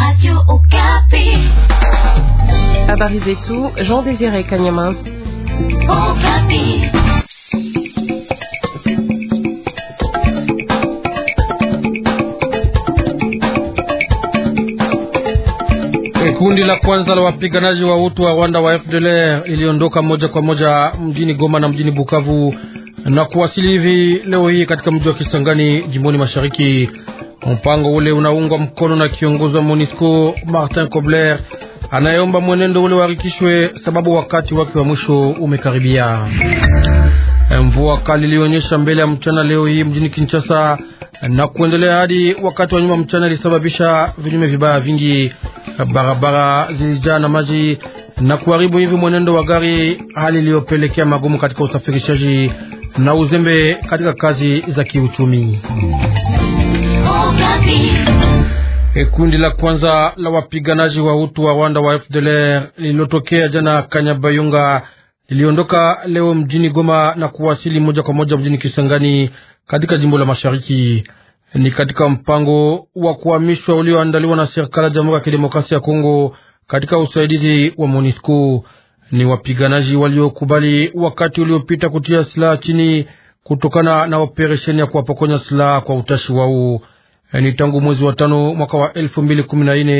Radio Habari zetu Jean Désiré Kanyama. Kundi la kwanza la wapiganaji wa utu wa Rwanda wa FDLR iliondoka moja kwa moja mjini Goma na mjini Bukavu na kuwasili hivi leo hii katika mji wa Kisangani jimboni mashariki Mpango ule unaungwa mkono na kiongozi wa Monisco Martin Kobler anayeomba mwenendo ule uharikishwe, sababu wakati wake wa mwisho umekaribia. Mvua kali ilionyesha mbele ya mchana leo hii mjini Kinshasa na kuendelea hadi wakati wa nyuma mchana ilisababisha vinyume vibaya vingi, barabara zilijaa na maji na kuharibu hivi mwenendo wa gari, hali iliyopelekea magumu katika usafirishaji na uzembe katika kazi za kiuchumi. E, kundi la kwanza la wapiganaji wa utu wa Rwanda wa FDLR lililotokea jana Kanyabayonga liliondoka leo mjini Goma na kuwasili moja kwa moja mjini Kisangani katika jimbo la Mashariki. Ni katika mpango wa kuhamishwa ulioandaliwa na serikali ya Jamhuri ya Kidemokrasia ya Kongo katika usaidizi wa MONUSCO. Ni wapiganaji waliokubali wakati uliopita kutia silaha chini kutokana na operesheni ya kuwapokonya silaha kwa utashi wao. Eh, ni tangu mwezi wa tano mwaka wa elfu mbili kumi na nne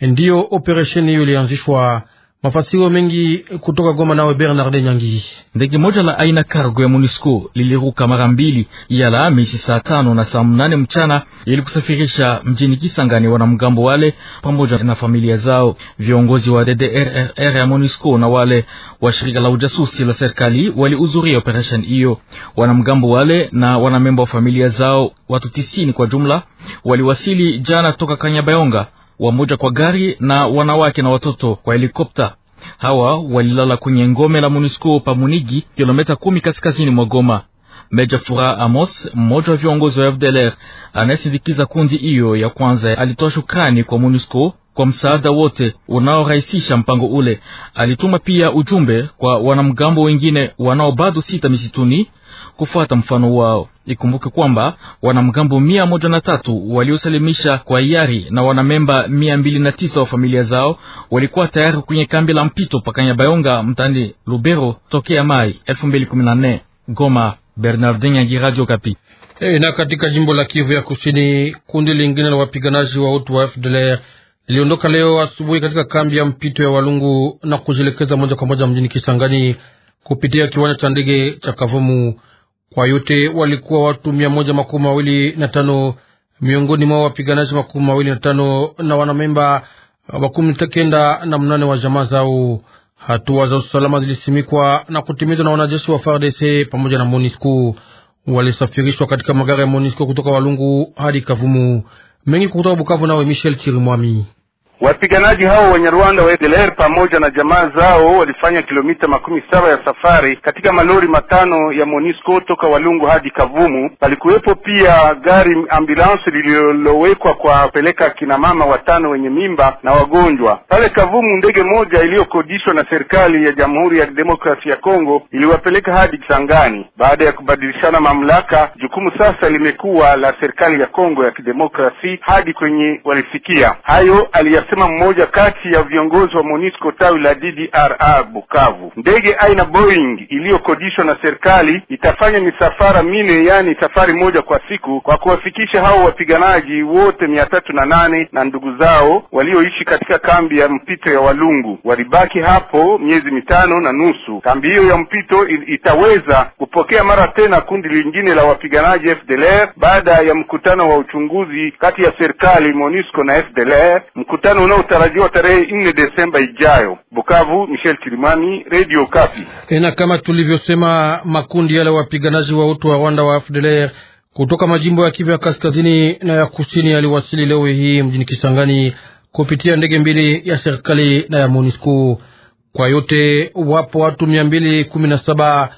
eh, ndiyo operesheni hiyo ilianzishwa. Mafasiro mengi kutoka Goma nawe Bernard Nyangi. Ndege moja la aina cargo ya Monusco liliruka mara mbili ya Alhamisi saa tano na saa mnane mchana ili kusafirisha mjini Kisangani wanamgambo wale pamoja na familia zao. Viongozi wa DDRR ya Monusco na wale wa shirika la ujasusi la serikali walihudhuria operesheni hiyo. Wanamgambo wale na wanamemba wa familia zao, watu tisini kwa jumla, waliwasili jana toka Kanyabayonga wamoja kwa gari na wanawake na watoto kwa helikopta. Hawa walilala kwenye ngome la MONUSCO pa Munigi, kilomita kumi kaskazini mwa Goma. Meja fura Amos, mmoja wa viongozi wa FDLR anayesindikiza kundi hiyo ya kwanza, alitoa shukrani kwa MONUSCO kwa msaada wote unaorahisisha mpango ule. Alituma pia ujumbe kwa wanamgambo wengine wanaobado sita misituni kufuata mfano wao. Ikumbuke kwamba wanamgambo mia moja na tatu waliosalimisha kwa hiari na wanamemba mia mbili na tisa wa familia zao walikuwa tayari kwenye kambi la mpito pakanya bayonga mtaani Lubero tokea Mai elfu mbili kumi na nne. Goma, Bernardin Yangi, Radio Kapi. Hey, na katika jimbo la Kivu ya Kusini, kundi lingine la wapiganaji wa utu wa FDLR liliondoka leo asubuhi katika kambi ya mpito ya Walungu na kujielekeza moja kwa moja mjini Kisangani kupitia kiwanja cha ndege cha Kavumu. Kwa yote walikuwa watu mia moja makumi mawili na tano miongoni mwa wapiganaji makumi mawili na tano na wanamemba makumi kenda na mnane wa jamaa zao. Hatua za usalama zilisimikwa na kutimizwa na wanajeshi wa FARDC pamoja na MONUSCO. Walisafirishwa katika magari ya MONUSCO kutoka Walungu hadi Kavumu. Mengi kutoka Bukavu, nawe Michel Chirimwami. Wapiganaji hao wenye Rwanda wa FDLR pamoja na jamaa zao walifanya kilomita makumi saba ya safari katika malori matano ya Monisco toka Walungu hadi Kavumu. Palikuwepo pia gari ambulance lililowekwa kwa kupeleka akina mama watano wenye mimba na wagonjwa pale Kavumu. Ndege moja iliyokodishwa na serikali ya Jamhuri ya Demokrasia ya Kongo iliwapeleka hadi Kisangani. Baada ya kubadilishana mamlaka, jukumu sasa limekuwa la serikali ya Kongo ya Kidemokrasi hadi kwenye walifikia. Hayo aliya anasema mmoja kati ya viongozi wa MONUSCO tawi la DDRR Bukavu. Ndege aina Boeing iliyokodishwa na serikali itafanya misafara mine, yaani safari moja kwa siku, kwa kuwafikisha hao wapiganaji wote mia tatu na nane na ndugu zao walioishi katika kambi ya mpito ya Walungu. Walibaki hapo miezi mitano na nusu. Kambi hiyo ya mpito itaweza kupokea mara tena kundi lingine la wapiganaji FDLR baada ya mkutano wa uchunguzi kati ya serikali MONUSCO na FDLR mkutano mkutano unaotarajiwa tarehe nne Desemba ijayo. Bukavu, Michel Kirimani, Radio Kapi. Na kama tulivyosema, makundi yale wapiganaji wa utu wa Rwanda wa FDLR kutoka majimbo ya Kivu ya kaskazini na ya kusini yaliwasili leo hii mjini Kisangani kupitia ndege mbili ya serikali na ya MONUSCO. Kwa yote wapo watu mia mbili kumi na saba,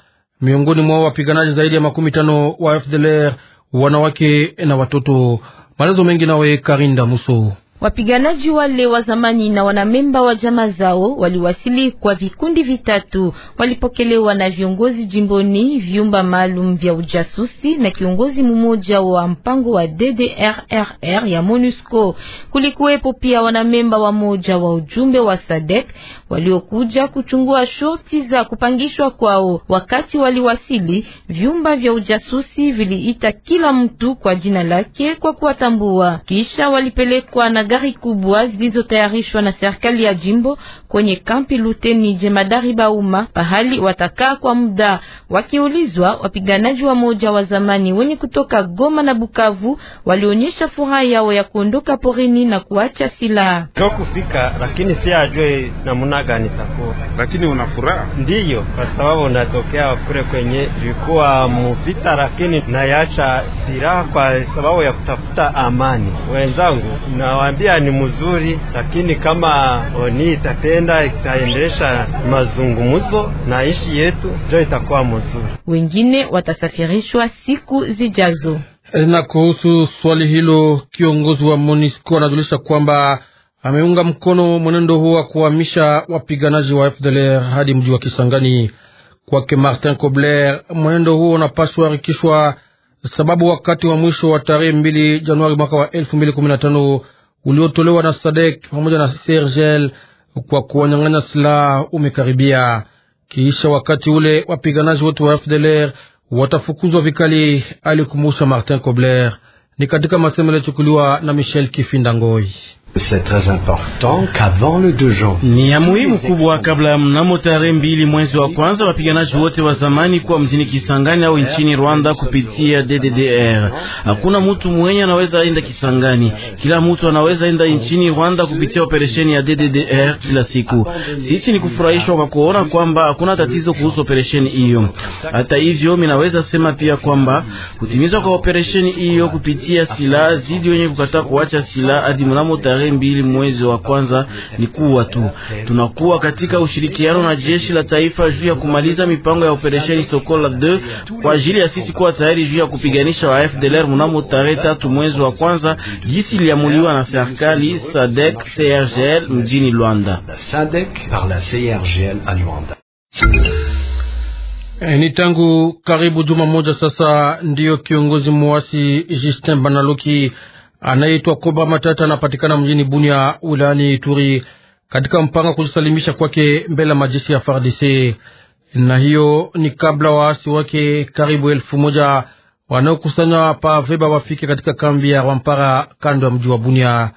miongoni mwao wapiganaji zaidi ya makumi tano wa FDLR, wanawake na watoto. Maelezo mengi nawe Karinda Muso. Wapiganaji wale wa zamani na wanamemba wa jamaa zao waliwasili kwa vikundi vitatu, walipokelewa na viongozi jimboni, vyumba maalum vya ujasusi na kiongozi mmoja wa mpango wa DDRRR ya MONUSCO. Kulikuwepo pia wanamemba wa moja wa ujumbe wa SADC waliokuja kuchungua shorti za kupangishwa kwao. Wakati waliwasili, vyumba vya ujasusi viliita kila mtu kwa jina lake kwa kuwatambua, kisha walipelekwa na gari kubwa zilizotayarishwa na serikali ya jimbo kwenye kampi luteni jemadari Bauma, pahali watakaa kwa muda. Wakiulizwa, wapiganaji wa moja wa zamani wenye kutoka Goma na Bukavu walionyesha furaha yao ya kuondoka porini na kuacha silaha jo kufika, lakini si ajue namuna gani takuwa, lakini una furaha ndiyo, kwa sababu natokea kule kwenye ilikuwa muvita, lakini nayacha silaha kwa sababu ya kutafuta amani. Wenzangu nawaambia ni mzuri, lakini kama oni itatenda huenda ikaendelesha mazungumzo na nchi yetu, ndio itakuwa mzuri. Wengine watasafirishwa siku zijazo. Na kuhusu swali hilo, kiongozi wa MONUSCO anajulisha kwamba ameunga mkono mwenendo huo wa kuhamisha wapiganaji wa FDLR hadi mji wa Kisangani. Kwake Martin Kobler, mwenendo huo unapaswa harikishwa sababu wakati wa mwisho wa tarehe mbili Januari mwaka wa elfu mbili kumi na tano uliotolewa na Sadek pamoja na Sergel kwa kuwanyang'anya silaha umekaribia. Kisha wakati ule wapiganaji wote wa FDLR watafukuzwa vikali, alikumbusha Martin Kobler. Ni katika masemo yaliyochukuliwa na Michel Kifindangoi. Ni ya muhimu kubwa kabla mnamo tarehe mbili mwezi wa kwanza, wapiganaji wote wa zamani kwa mjini Kisangani au nchini Rwanda kupitia DDDR. Hakuna mtu mwenye anaweza enda Kisangani, kila mtu anaweza enda nchini Rwanda kupitia operesheni ya kila siku. Sisi ni kufurahishwa kwa kuona kwamba hakuna tatizo kuhusu operesheni hiyo. Hata hivyo, minaweza sema pia kwamba kutimizwa kwa operesheni hiyo kupitia silaha zidi wenye kukataa kuacha silaha hadi mnamo tarehe tarehe mbili mwezi wa kwanza ni kuwa tu tunakuwa katika ushirikiano na jeshi la taifa juu ya kumaliza mipango ya operesheni Sokola 2 kwa ajili ya sisi kuwa tayari juu ya kupiganisha wa FDLR mnamo tarehe tatu mwezi wa kwanza jinsi iliamuliwa na serikali SADC CRGL mjini Luanda. E, ni tangu karibu juma moja sasa ndiyo kiongozi mwasi Justin Banaluki anayeitwa Koba Matata anapatikana mjini Bunia wilayani Ituri katika mpango kujisalimisha kwake mbele ya majeshi ya FARDC, na hiyo ni kabla waasi wake karibu elfu moja wanaokusanywa pa Veba wafike katika kambi ya Rwampara kando ya mji wa Bunia.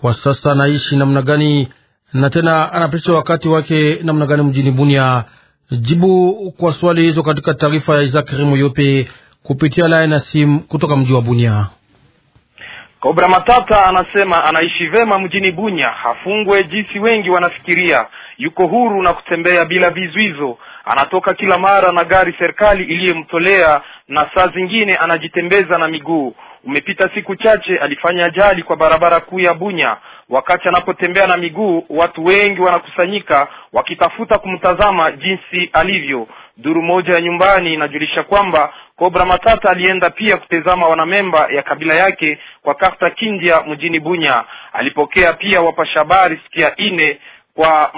Kwa sasa anaishi namna gani na tena anapitisha wakati wake namna gani mjini Bunia? Jibu kwa swali hizo katika taarifa ya Isaac Rimu Yope kupitia laina simu kutoka mji wa Bunia. Kobra Matata anasema anaishi vema mjini Bunya, hafungwe jinsi wengi wanafikiria. Yuko huru na kutembea bila vizuizo, anatoka kila mara na gari serikali iliyemtolea, na saa zingine anajitembeza na miguu. Umepita siku chache alifanya ajali kwa barabara kuu ya Bunya. Wakati anapotembea na miguu, watu wengi wanakusanyika wakitafuta kumtazama jinsi alivyo. Duru moja ya nyumbani inajulisha kwamba Kobra Matata alienda pia kutazama wanamemba ya kabila yake kwa kafta Kindya mjini Bunya. Alipokea pia wapasha habari sikia ine kwa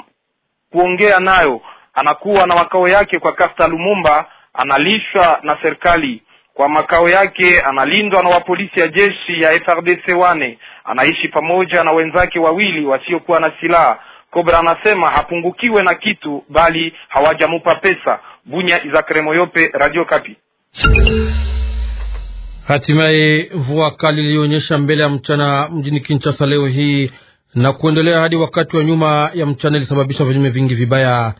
kuongea nayo. Anakuwa na makao yake kwa kafta Lumumba, analishwa na serikali kwa makao yake, analindwa na wapolisi ya jeshi ya FRDC wane. Anaishi pamoja na wenzake wawili wasiokuwa na silaha. Kobra anasema hapungukiwe na kitu, bali hawajamupa pesa. Bunya, Izakare Moyope, Radio Kapi. Hatimaye mvua kali ilionyesha mbele ya mchana mjini Kinshasa leo hii na kuendelea hadi wakati wa nyuma ya mchana ilisababisha vinyume vingi vibaya.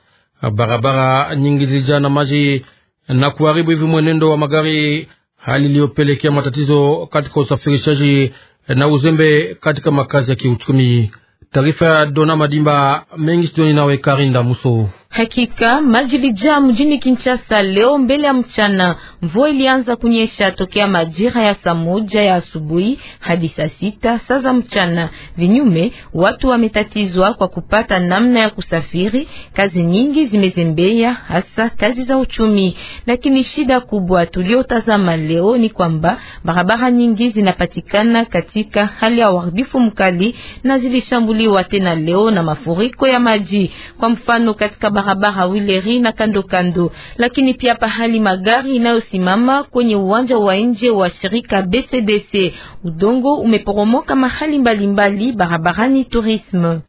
Barabara nyingi zilijaa na maji na kuharibu hivi mwenendo wa magari, hali iliyopelekea matatizo katika usafirishaji na uzembe katika makazi ya kiuchumi. Taarifa ya Dona Madimba mengi stuoni nawe Karinda Muso. Hakika maji lijaa mjini Kinshasa leo mbele ya mchana. Mvua ilianza kunyesha tokea majira ya saa moja ya asubuhi hadi saa sita saa za mchana. Vinyume, watu wametatizwa kwa kupata namna ya kusafiri. Kazi nyingi zimezembea, hasa kazi za uchumi. Lakini shida kubwa tuliyotazama leo ni kwamba barabara nyingi zinapatikana katika hali ya uharibifu mkali na zilishambuliwa tena leo na mafuriko ya maji. Kwa mfano katika barabara Wileri na kando kando, lakini pia pahali magari inayosimama kwenye uwanja wa nje wa shirika BCDC. Udongo umeporomoka mahali mbalimbali barabarani. Tourisme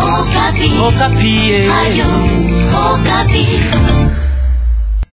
Okapi. Okapi. Eh.